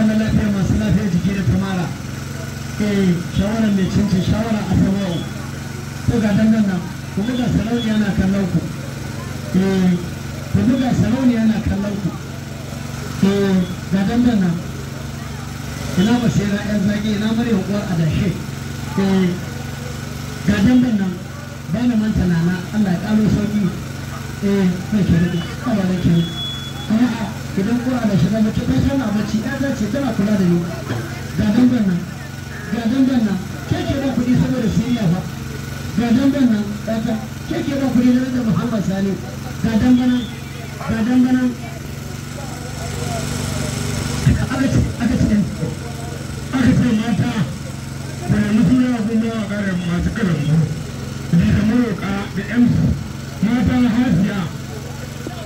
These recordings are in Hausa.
na lafiya masu lafiya jiki da tamara eh shawara mai cinci shawara a sama'u ko ga dangan nan ku buga sarauniya yana kallon ku eh ku buga sarauniya kallon ku eh, ga dangan nan ina basira yan zaki ina mare hukuwar adashe eh, ga dangan nan bana manta nana Allah ya karo sauki eh kai ke da ba da ke idan kuna da shiga mutum ta tana bacci ya zace tana kula da yunwa ga dangan nan ga dangan nan ke ke da kuɗi saboda siriya ba ga dangan nan ɗata ke ke da kuɗi da muhammad Salim ga dangan nan ga dangan nan aka ce aka ce mata da mutum yawa kuma mawaƙa da masu kalan mu da kamar da yan mata hajiya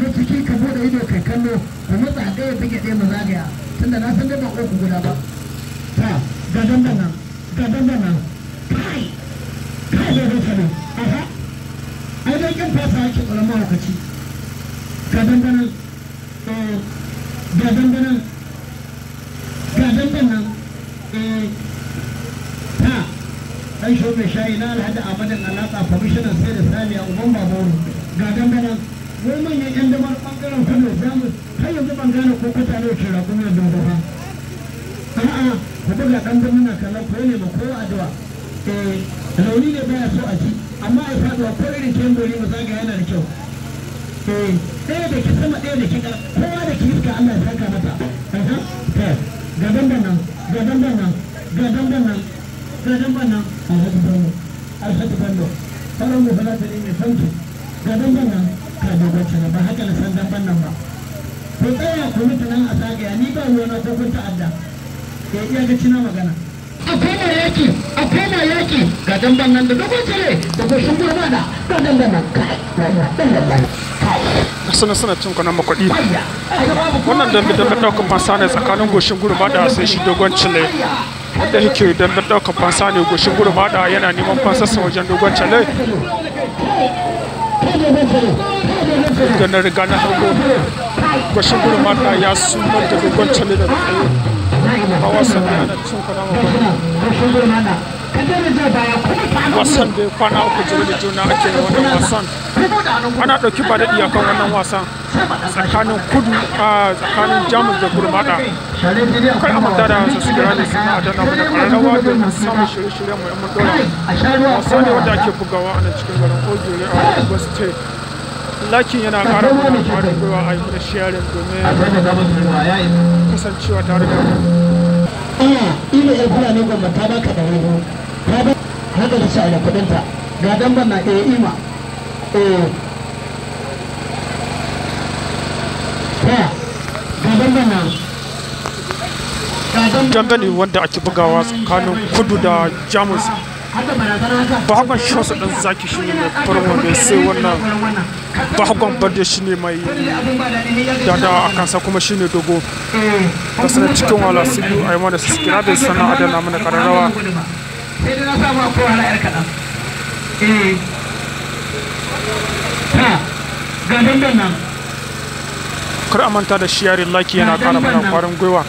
na ciki ka bude ido kai kallo ku matsa ɗaya fage ɗaya mu tunda na san dai ba guda ba ta ga dandana ga kai kai da rasa ne aha ai dai kin fasa tsoron ga eh, ga ga eh, ta shayi na alhada abadan alaƙa kwamishinan sai da saniya uban baboro ga dandana wai manyan yan damar bangaren kudu jamus har yanzu ban gane ko kuta ne ke rabu mai dogo ba a'a ku buga dan muna kallon ko ne ma ko addu'a eh rauni ne baya so a ji amma a faduwa ko irin kembori mu zaga yana da kyau eh ɗaya da ki sama ɗaya da ki ɗan kowa da ki iska Allah ya saka mata gaban da nan gaban da nan gaban da nan gaban da nan alhaji bello alhaji bello salon mu fara da ne sauki gaban da nan kaje ba ce ba haka da san damban nan ba ko tsaya ku mutu nan a sagaya ni ba ruwa na ko kun ta'adda ya iya ga cina magana a koma yaki a koma yaki ga damban nan da dogon cire da ko shin goma da ga damban nan kai dan damban suna suna cin kwanan makwaɗi wannan dambe dambe ɗaukan fansa ne tsakanin goshin gurma da sai shi dogon cile wanda yake dambe ɗaukan fansa ne goshin gurma da yana neman fansarsa wajen dogon cile da na riga na hargo mata ya sumar da dogon cale da A wasan sannan yana cin kwana wasan da kwana uku jere da juna ake wannan wasan ana ɗauki ba da iyakan wannan wasan tsakanin kudu a tsakanin jamus da gurmada kai amurta da su su gira ne suna adana mana ƙararrawa domin samun shirye-shiryen mai amurta Wasan ne wanda ake bugawa a nan cikin garin ojo a wani state lakin yana ƙara kuma ƙwarin gwiwa a yi da sharing domin kasancewa tare da mu. Iya, ina ‘yan Fulani gwamma ta baka da wani ta ba haka da shi a kuɗinta ga dan ban na ɗaya eh, ima. Eh. Ga dan wanda ake bugawa tsakanin kudu da jamus bahagon shosu dan zaki shi ne mai farko da sai wannan bahagon barde shi ne mai dadawa a kansa kuma shi ne dogo eh. da suna cikin wala su biyu a yi mana suskira da sana adana mana kararrawa eh. kar a manta da shi yare laki yana kara mana kwarin gwiwa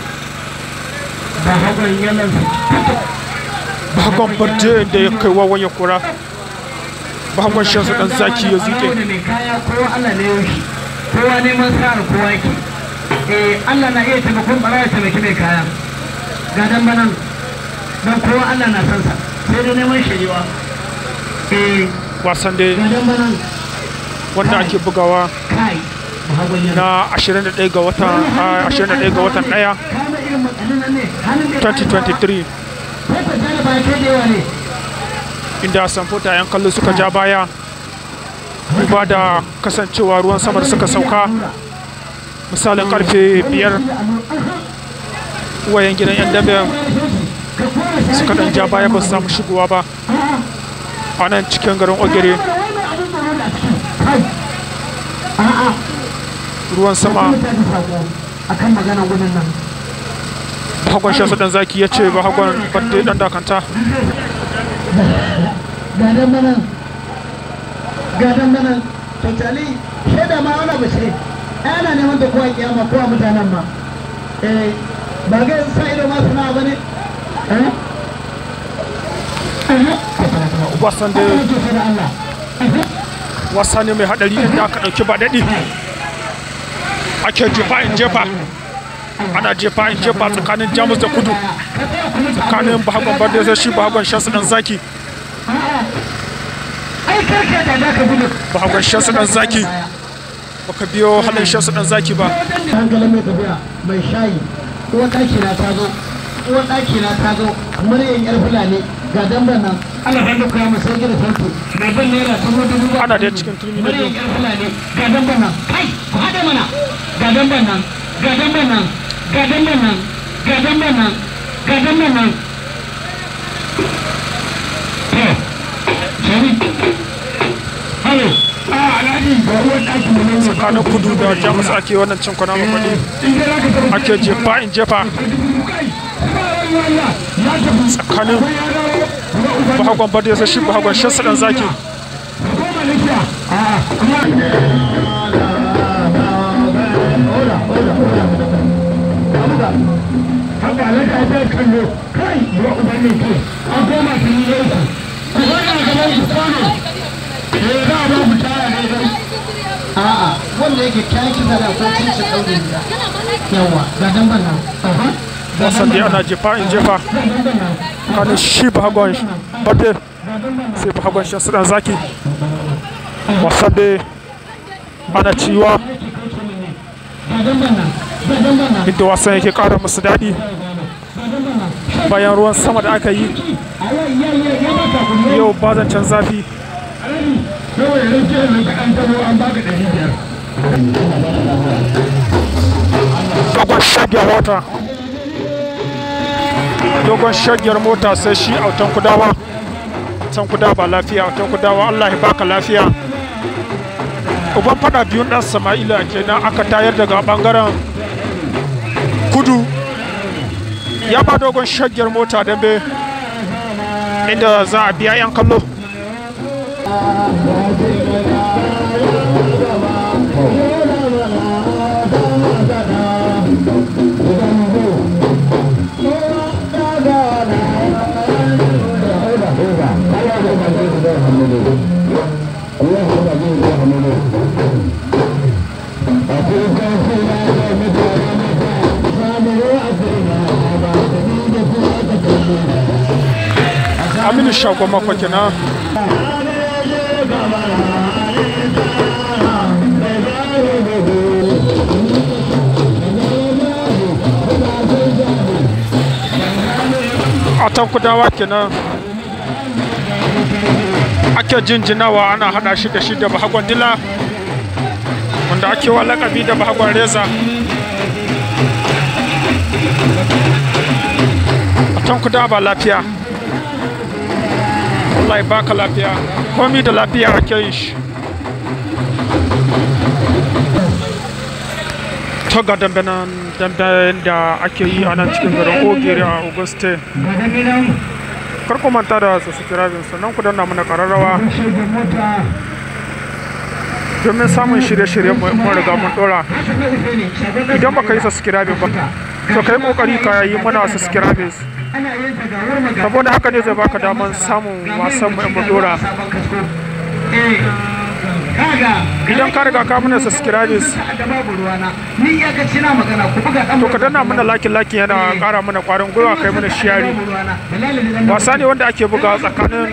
bakon birje da ya kai wawa ya kura bakon shan su dan zaki ya zuke kowa kowa eh Allah na iya taimakon bara ya taimaki mai kaya ga dan banan dan na san sa sai dai neman eh wasan dai wanda ake bugawa na 21 ga watan 21 ga watan 1 2023 inda samfota yan kallo suka ja baya duba da kasancewa ruwan samar suka sauka misalin karfe biyar wayan gidan yan dambe suka dan ja baya ba su samu shigowa ba a nan cikin garin ogere ruwan sama akan maganar hagon shi dan zaki ya ce ba hagon batte dan dakanta gadan mana gadan mana to tali shaida ma wani bace ana neman da kowa ma kowa mutanen ma eh ba ga sa ido ma suna ne. eh, eh? wasan da eh? wasa ne mai hadari inda aka dauki ba dadi eh. ake jufa in jefa ana jefa in jefa tsakanin jamus da kudu tsakanin bahagon barde sai shi bahagon shansu dan zaki bahagon shansu dan zaki baka biyo halin shansu dan zaki ba hankalin mai tafiya mai shayi uwar ɗaki na ta zo uwar ɗaki na ta zo muryan yar fulani ga damban nan ana hanga koya mu sai gida farko na bin naira dubu dubu ana da cikin turmi na muryan yar fulani ga damban nan kai ku hada mana ga damban nan ga damban nan gaban nan da kudu da jamus ake wannan cin kwana eh, makwadi ake jefa in jefa tsakanin bahagon bade sai shi bahagon shan sadan zaki da alaka ya bai kallo kai ya uban ne ke a goma ta yi yau ku wannan gaban ku kwano ke za a ba ku tara ne dai a'a wanda yake kyan kisa da ko cin shi ɗaure yawa ga dan ban nan wasan da ana jefa in jefa kanin shi bagon shi bade sai bagon shi suna zaki wasan da ana ciwa inda wasan yake kara musu daɗi bayan ruwan sama da aka yi yau ba can zafi dogon shagiyar mota dogon shagiyar mota sai shi a wutan kudawa autan kudawa ba lafiya wutan kudawa allah ya baka lafiya uban fada biyun dan sama'ila kenan aka tayar daga bangaren kudu ya ba dogon shaggiyar mota dambe inda za a biya 'yan kallo nan shagon makwa kenan a tankudawa kenan ake jinjinawa ana hada shi da shi da bahagon dila wanda ake wa lakabi da bahagon reza a tankudawa ba lafiya Allah ya baka lafiya komi da lafiya ake yin shi ta ga dambe dambe da ake yi a nan cikin garin ogiri a auguste kar ko manta da su subscribe sannan ku danna mana kararrawa domin samun shirye-shirye mun riga mun dora idan baka yi subscribe ba to kai kokari ka yi mana subscribe saboda haka ne zai baka damar samun wasan mai mudura idan ka riga ka mana subscribers to ka danna mana lakin lakin yana kara mana kwarin gwiwa kai mana shiyari wasa ne wanda ake buga tsakanin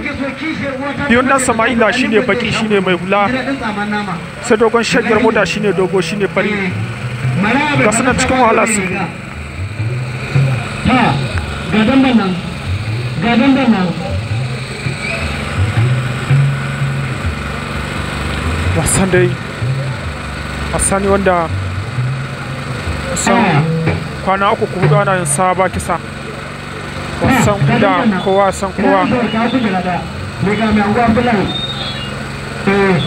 biyun dan sama'ila shine baki shine mai hula sai dogon shagiyar mota shine dogo shine fari ga suna cikin wahala su ga damban nan ga nan wasan dai wasa ne wanda kusan ah. kwana uku ku hudu ana yin saba kisa wasan ah, da kowa san kowa eh.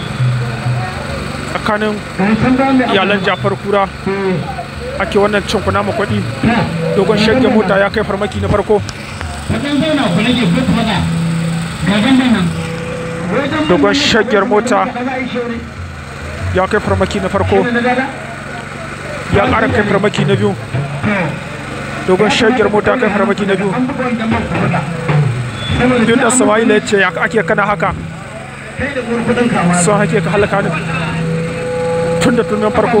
tsakanin iyalan jafar kura eh. ake wannan cin mu kwaɗi dogon shagge mota ya kai farmaki na farko dogon shaggiyar mota ya kai farmaki na farko ya ƙara kai farmaki na biyu dogon shaggiyar mota kai farmaki na biyu duk da sama'ila ya ce ake kana haka sun hake ka halaka ne tun da tunan farko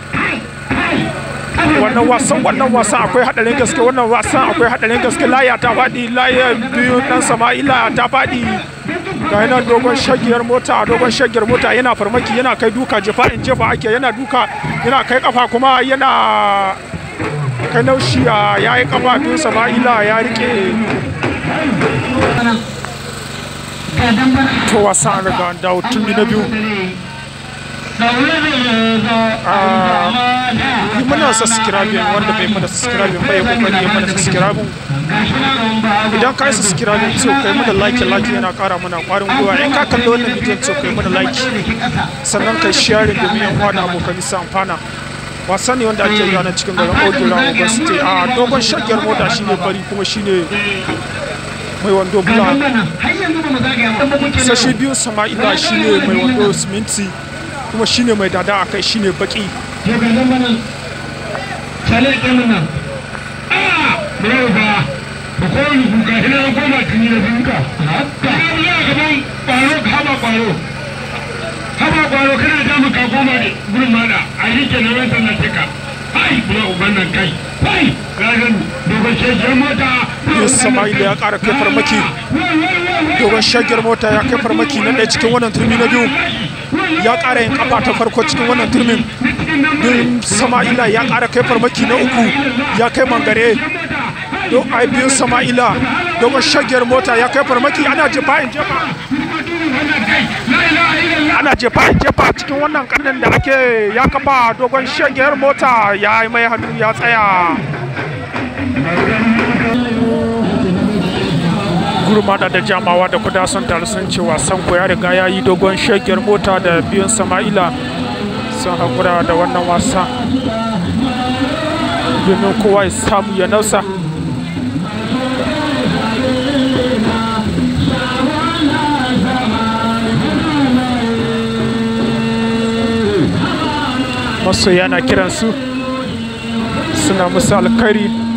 wannan wasan wannan wasan akwai hadarin gaske wannan wasan akwai hadarin gaske laya ta faɗi laya biyu dan sama'ila ta faɗi ga yana dogon shagiyar mota dogon shagiyar mota yana farmaki yana kai duka jefa in jefa ake yana duka yana kai kafa kuma yana kai naushi ya yi kafa biyu sama'ila ya rike to wasan ga dawo tun na biyu yi mana subscribing wanda bai mana subscribing bai kokari ya mana subscribing idan ka yi subscribing so kai mana like like yana kara mana kwarin gwiwa in ka kalli wannan bidiyon so kai mana like sannan kai sharing domin yan uwa da abokan isa amfana wasan ne wanda ake yi cikin garin na ogun state a dogon shagiyar mota shine bari kuma shine mai wando bula sashi biyu sama'ila shine mai wando siminti kuma shine mai dada a kai shine baki ah! da haka ne mana a yi ke nan wata na teka ai kai ai dogon mota ya ƙara kai farmaki dogon shagiyar mota ya kai farmaki na ɗaya cikin wannan turmi na biyu ya ƙara yin kafa ta farko cikin wannan turmin din sama'ila ya ƙara kai farmaki na uku ya kai mangare don aibin sama'ila dogon shagiyar mota ya kai farmaki ana jefa in jefa ana jefa in jefa cikin wannan karnin da ake ya kafa dogon shagiyar mota ya yi mai hannu ya tsaya gurma da jamawa da kuda sun taru sun ce wasan ko ya riga ya yi dogon shagiyar mota da biyun sama'ila sun haƙura da wannan wasa domin kowa ya samu ya nausa masoya na kiransu suna musu alkari